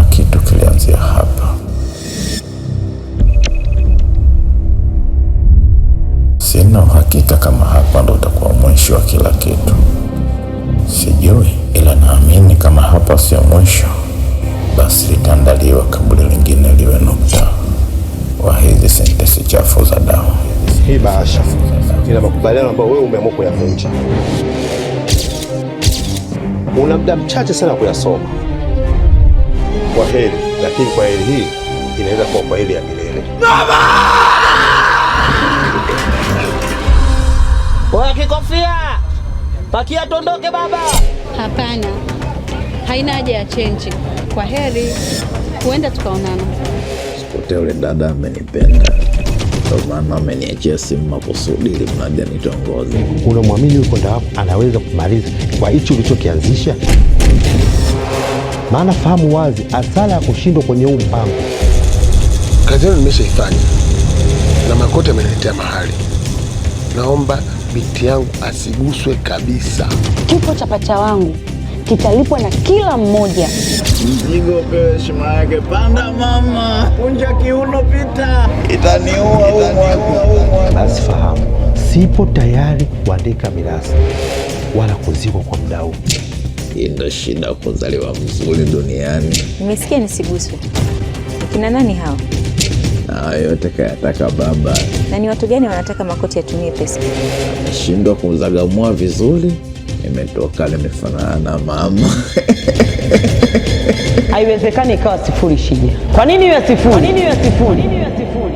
kila kitu kilianzia hapa. Sina uhakika kama hapa ndo utakuwa mwisho wa kila kitu, sijui, ila naamini kama hapa sio mwisho, basi litaandaliwa kaburi lingine liwe nukta wa hizi sentensi chafu za damu hii. Bahasha ina makubaliano ambayo wewe umeamua kuyavunja. Una muda mchache sana kuyasoma kwa heri, lakini kwa heri hii inaweza kuwa kwa heri ya milele. Oya, kikofia pakia, tondoke baba. Hapana, haina haja ya chenji. Kwa heri, huenda tukaonana. Sikotea, ule dada amenipenda ndio maana ameniachia simu makusudi ili mradi nitongoze. Unamwamini yuko ndo hapo anaweza kumaliza kwa hicho ulichokianzisha maana fahamu wazi hasara ya kushindwa kwenye huu mpango. Kazi yenu nimeshaifanya na Makoti ameniletea mahali, naomba binti yangu asiguswe kabisa. Kifo cha pacha wangu kitalipwa na kila mmoja. Mzigo pewe heshima yake. Panda mama, kunja kiuno, pita, itaniua Basi fahamu, sipo tayari kuandika mirasi wala kuzikwa kwa mdau hii ndo shida kuzaliwa mzuri duniani. Nimesikia nisiguswe. Kina nani hao? Na yote kayataka baba. Na ni watu gani wanataka Makoti yatumie pesa? Ameshindwa kuzagamua vizuri, nimetoka nimefanana na mama Haiwezekani ikawa sifuri, Shija. Kwa nini iwe sifuri? Kwa nini iwe sifuri?